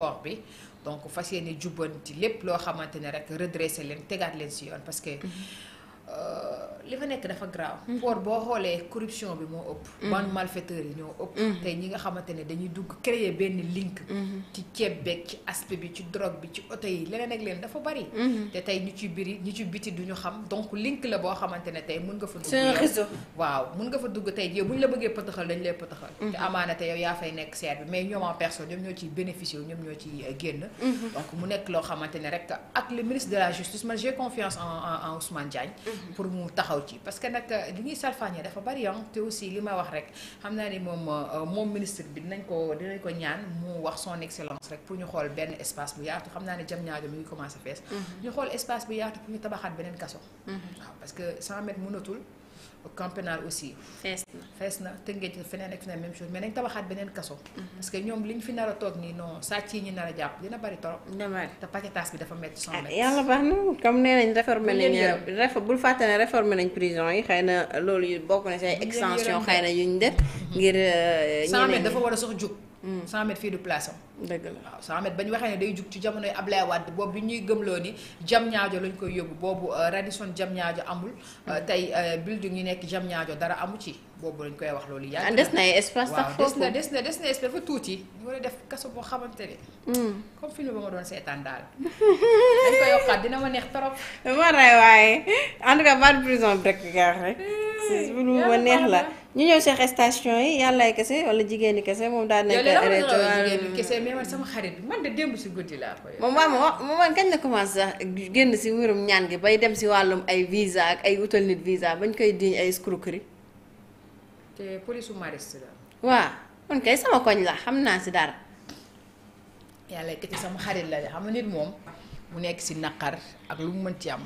corps bi donc fas yéene jubbanti lépp loo xamante ne rek redresser leen tegaat leen ci yoon parce que. Mhm. Euh, li fa nekk dafa grave. Mm-hmm. port boo xoolee corruption bi moo ëpp. Mm-hmm. ban malfaiteur yi ñoo ëpp. Mm-hmm. tey ñi nga xamante ne dañuy dugg créer benn link. ci ceeb beeg ci aspect bi ci drogue bi ci oto yi leneen ak leen dafa bari. te tey ñu ci biri ñu ci biti duñu xam donc link la boo xamante ne tey mën nga fa. dugg réseau waaw nga fa dugg tey jii bu ñu la bëggee pëtaxal dañ lay pëtaxal. te amaana te yow yaa fay nekk seer bi mais ñoom en personne ñoom ñoo ciy bénéficier ñoom ñoo ciy euh, génn. donc mu nekk loo xamante ne rek ak le ministre de la justice man en en taxaw taxaw ci parce que nag li ñuy salfaañee dafa bari yoon ah. te aussi li ma wax rek xam naa ni moom euh, moom ministre bi dinañ ko dinañ ko ñaan mu wax son excellence rek pour ñu xool benn espace bu yaatu xam naa ne jam ñaajo mi ngi commencé fees mhm. ñu xool espace bu yaatu pour ñu tabaxaat beneen kaso mhm. waaw parce que 100 mètres mënatul camp pénal aussi. fees na fees na tënkee ci feneen ak feneen même chose mais nañ tabaxaat beneen kaso. Mhm. parce que ñoom liñ fi nar a toog nii non sàcc yi ñu nar a jàpp dina bari torop. dina bari te paquetage bi dafa métti son métti. Ah, yàlla baax na comme nee nañ réformé nañ. bul fàtte ne réformé prison yi xay na loolu bokk na ci ay extension xëy na yuñ def. ngir mhm. euh, ñeneen ñi dafa war a sax jug. 100 mm. mètres fii du place am. dëgg la waaw 100 mètres ba waxee ne day jug ci jamonoy Ablaye Wade boobu bi ñuy gëm loo ni jam ñaajo lañ koy yóbbu boobu euh, Radisson jam ñaajo amul euh, mm. tey euh, building yi nekk jam ñaajo dara amu ci boobu lañ koy wax loolu yàgg ah, des na espace sax foofu waaw des na des na espace fa tuuti ñu war a def kaso boo xamante ne mm. comme film ba ma doon seetaan daal dañ koy yokkaat dina ma neex trop ma rey waaye en tout cas prison bi rek nga bu lu ma neex la ñu ñëw seen station yi yàllaay kese wala jigéen ñi kese moom daan nañ ko sama xarit bi man de démb si guddi laa koy moom moom man kañ la commencé sax génn si wérum ñaan bay dem si wàllum ay visa ak ay utal nit bañ koy diñ ay escroquerie te police la xam naa si dara yàllaay kese xarit la de xam moom mu nekk si naqar ak lu mu mën ci am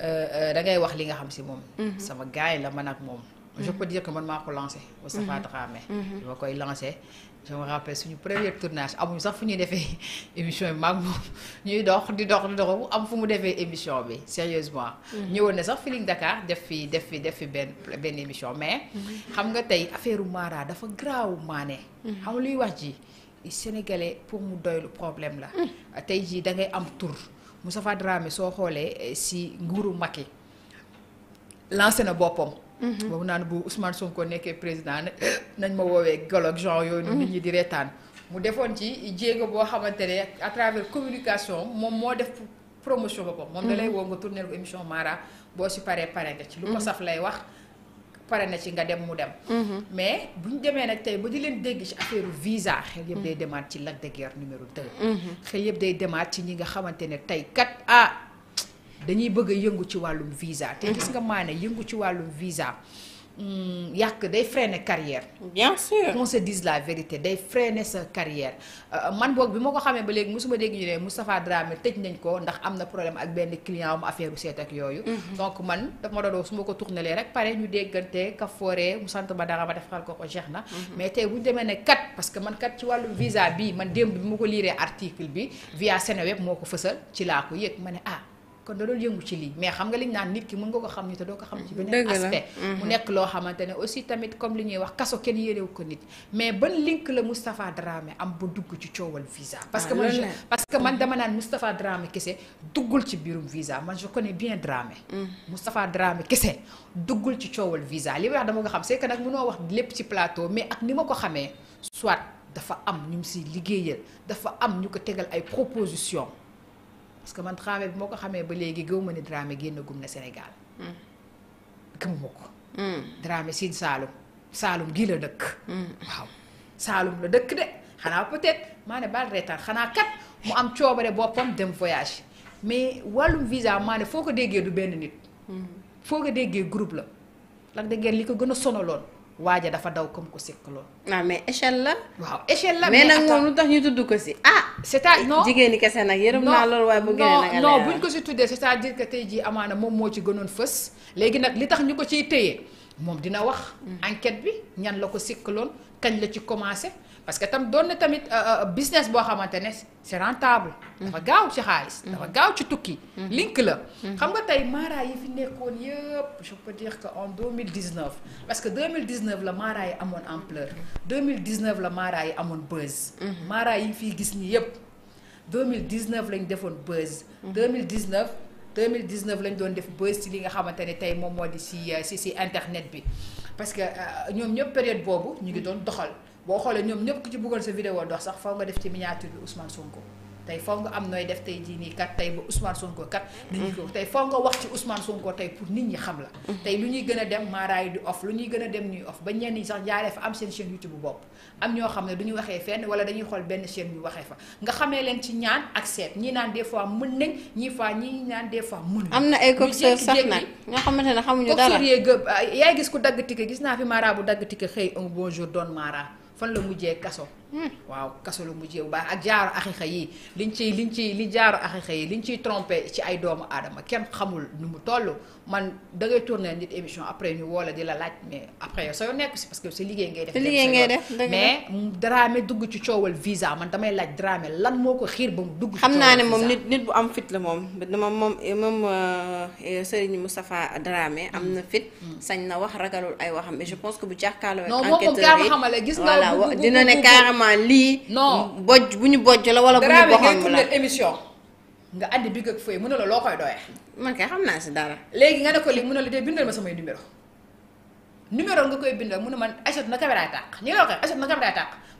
Euh, euh, da ngay wax li nga xam si moom. Mhm. sama gaay la man ak moom. je peux dire que man maa ko lancé. Mhm. Moustapha Dramé. Mhm. ma koy lancé. je ñu rappelle suñu premier tournage amuñu sax fu ñuy defee émission bi maag moom ñuy dox di dox di dox am fu mu defee émission bi sérieusement ñëwoon na sax Feeling Dakar def fi def fi def fi benn benn émission mais xam nga tey affaire u Mara dafa graaw maane xam luy wax ji sénégalais pour mu doylu problème la mm. tey jii da ngay am tur Moustapha Dramé soo xoolee eh, si nguuru yi lancé na boppam. Mhm. boobu naan bu Ousmane Sonko nekkee président nañ ma woowee golo ak genre yooyu. Mhm. nit ñi di reetaan. mu defoon ci jéego boo xamante ne à travers communication moom moo def promotion boppam. moom da lay mhm. woo nga tourné ko émission Mara boo si paree pare nga ci. lu ko saf lay wax. pare na ci nga dem mu dem. Mhm. mais bu ñu demee nag tey ba di leen dégg ci affaire visa. xel yëpp day mhm. demaat ci Lac de Guiers numéro 2. Mhm. xel yëpp day demaat ci ñi nga xamante ne tey kat ah dañuy bëgg yëngu ci wàllum visa. te gis nga maane yëngu ci wàllum visa. Mm, yàq day freiner carrière. bien sûr qu'on se dise la vérité day freiner sa carrière. Euh, man boog bi ma ko xamee ba léegi musuma dégg ñu ne Moustapha Dramé tëj nañ ko ndax am na problème ak benn client mu affaire bu seet ak yooyu. Mhm. donc man daf ma doon su ma ko tournelee rek pare ñu déggante ka fooree mu sant ma dara ma defal ko ko jeex na. Mhm. mais tey bu demee ne kat parce que man kat ci wàllu visa bi man démb bi ma ko liiree article bi via Seneweb moo ko fësal ci laa ko yëg ma ne ah. kon da yëngu ci lii mais xam nga liñ naan nit ki mën nga ko xam nit te doo ko xam ci beneen aspect mu mhm. nekk loo xamante ne aussi tamit comme li ñuy wax kaso kenn yéenewu ko nit mais ban link la Moustapha Dramé am ba dugg ci coowal visa parce que ah, man parce que man dama naan Moustapha Dramé kese duggul ci biirum visa man je connais bien Dramé mm. Moustapha Dramé kese duggul ci coowal visa li wax dama ko xam c'est que nag mënoo wax lépp ci plateau mais ak ni ma ko xamee soit dafa am ñu mu si liggéeyal dafa am ñu ko tegal ay proposition parce que man Dramé bi moo ko xamee ba léegi gëw ma ne Dramé génn gum na Sénégal. Hmm. gëmuma ko. Hmm. Dramé Sine Saalum Saalum gii la dëkk. Hmm. waaw Saalum la dëkk de xanaa peut-être maa baal reetaan xanaa kat mu am coobare boppam dem voyage mais wàllum visa maane foo ko déggee du benn nit. foo ko déggee groupe la. ndax da li ko gën a sonaloon. waaja dafa daw comme ko sikk lool. waaw ah, mais échelle la. waaw échelle la mais nag moom lu tax ñu tudd ko si ah. c'est-à-dire jigéen ñi kese nag yërëm naa loolu waaye bu gënee non non buñ ko si tuddee c'est-à-dire que tey jii amaana moom moo ci gënoon fës léegi nag li tax ñi ko ciy téye. moom dina wax. Mm. enquête bi ñan la ko sikkaloon kañ la ci commencé parce que tam doon na tamit euh, euh, business boo xamante ne c'est rentable. Mm. dafa gaaw ci xaalis. Mm. dafa gaaw ci tukki. link la. xam nga tey mara yi fi nekkoon yëpp je peux dire que en 2019 parce que 2019 la mara yi amoon ampleur 2019 la mara yi amoon buzz. mara yi ñu fiy gis nii yëpp 2019 lañ defoon buzz. 2019. 2019 lañ doon def buzz ci li nga xamante ne tey moom moo di si si si internet bi parce que euh, ñoom ñëpp période boobu ñu ngi doon doxal boo xoolee ñoom ñëpp ku ci bëggoon sa vidéo dox sax faw nga def ci miniature bi Ousmane Sonko. tey foog nga am nooy def tey jii nii kat tey ba Ousmane Sonko kat. nit ñi ko tey foog nga wax ci Ousmane Sonko tey pour nit ñi xam la. tey lu ñuy gën a dem yi di off lu ñuy gën a dem ñuy off ba ñenn ñi sax jaaree fa am seen chaîne YouTube bu bopp. am ñoo xam ne du ñu waxee fenn wala dañuy xool benn chaîne bi waxee fa nga xamee leen ci ñaan ak seet ñii naan des fois mun nañ ñii fois ñii naan des fois mën am na ay coxeur sax nag ñoo xamante ne xamuñu dara coxeur yee gis ku dagg tikke gis naa fi mara bu dagg tikke xëy un bonjour doon mara fan la mujjee kaso waaw kaso la mujjee bu baax ak jaaru axixa yi liñ ciy liñ ciy li jaaru axixa yi liñ ciy trompé ci ay doomu aadama kenn xamul nu mu toll man dangay tourné nit émission après ñu woo la di la laaj mais après yow sa yoon nekku si parce que si liggéey ngay def. liggéey ngay def mais Dramé dugg ci coowal visa man damay laaj Dramé lan moo ko xiir ba mu dugg. xam naa ne moom nit nit bu am fit la moom dama moom moom Serigne Moustapha Dramé am na fit. sañ na wax ragalul ay waxam et je pense que bu jàkkaarloo. enquêteur yi vraiment lii. non bojj bu ñu bojj la wala bu ñu boxoon la émission. nga andi bi ak fooy mu ne la loo koy doyee. man kay xam naa si dara. léegi nga ne ko lii mu a la dee bindal ma samay numéro numéro nga koy bindal mu ne man Aïssatou na caméra tàq ñu ngi la ko Aïssatou na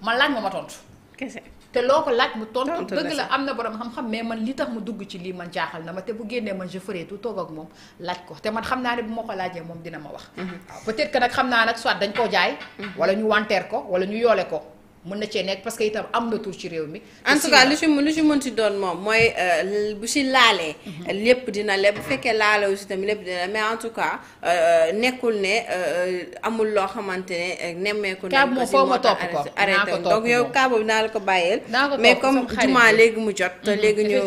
man laaj ma ma tontu. kese te loo ko laaj mu tontu dëgg la am na borom xam-xam mais man li tax dugg ci lii man jaaxal na ma te bu génnee man je ferai ak moom laaj ko te man xam naa ne bu ma ko laajee moom dina ma wax. Mhm. waaw peut-être nag xam naa nag soit dañ koo jaay. Mhm. wala ñu wanteer ko wala ñu yoole ko. mën na cee nekk parce que itam am na tur ci réew mi. en tout cas lu ci lu ci doon moom mooy euh, bu si laalee. Mhm. lépp dina leb bu fekkee laale si tamit lépp dina mais en tout cas euh, euh, nekkul ne amul loo xamante ne nemmeeku. nañ ko ma topp ko arrêté donc naa la ko bàyyeel. mais comme jumaa léegi mu jot. Mhm. léegi ñu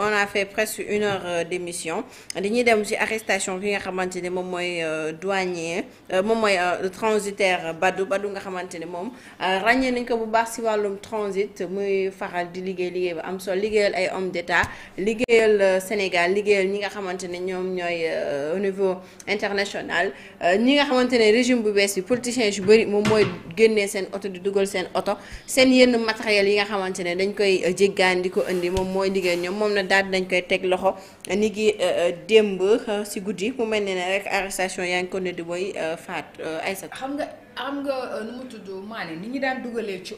on a fait presque une heure d' émission. dañuy dem ci arrestation bi nga xamante ne moom mooy douanier moom mooy transitaire Badou Badou nga xamante ne moom ràññee nañ ko. bu baax si wàllum transit muy faral di liggéey liggéey bi am solo liggéeyal ay hommes d'état liggéeyal euh, Sénégal liggéeyal ñi nga xamante ne ñoom ñooy euh, au niveau international euh, ñi nga xamante ne régime bu bees bi politiciens yu bëri moom mooy génne seen oto di dugal seen oto seen yenn matériel yi nga xamante ne dañ koy jéggaan di ko indi moom mooy liggéey ñoom moom na daal dañ koy teg loxo ni gi démb si guddi mu mel ne ne rek arrestation yaa ngi ko ne di mooy faat ay xam nga am nga euh, nu mu tudd maane ni ñu daan dugalee ci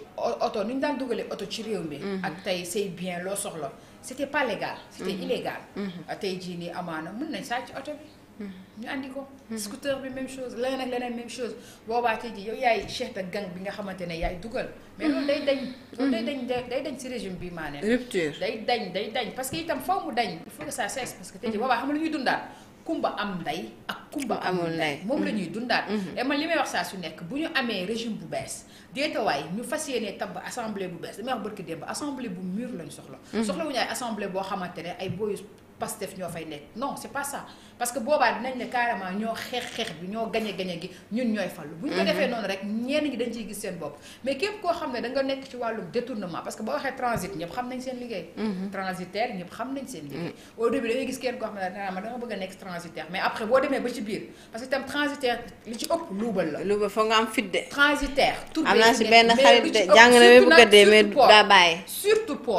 oto ni ñu daan dugalee oto ci réew mi. Mhm. ak tey say bien loo soxla c'était pas légal. c'était mhm. illégal. Mhm. Ah, tey jii nii amaana mën nañ sàcc oto bi. ñu andi ko. scooter bi même chose leneen ak leneen même chose boobaa tey jii yow yaay chef de bi nga xamante ne yaay dugal. mais loolu day dañ. loolu day dañ day dañ si régime bi maane. rupture day dañ day dañ parce que itam foofu dañ. il faut que ça cesse parce que tey jii boobaa xam lu ñuy dundaat. kumba am ndey ak kumba amul ndey moom la ñuy dundaat mhm. et man li may wax saa su nekk bu ñu amee régime bu bees deetawaay ñu fas yéene tabb assemblée bu bees damay wax bërki démb assemblée bu mûr lañ soxla mhm. soxla wu ñu ay assemblée boo xamante ne ay booyu Pastef ñoo fay nekk non c'est pas ça parce que boobaa dinañ ne carrément ñoo xeex xeex bi ñoo gañe gañe gi ñun ñooy fallu bu ñu ko mhm. defee noonu rek ñenn ñi dañ ciy gis seen bopp mais képp koo xam ne da nekk ci wàllum détournement parce que boo waxee transit ñëpp xam nañ seen liggéey mhm. transitaire ñëpp xam nañ seen liggéey mhm. au début da gis kenn koo xam ne dana bëgg a nekk transitaire mais après boo demee ba ci biir parce que tam transitaire li ci ëpp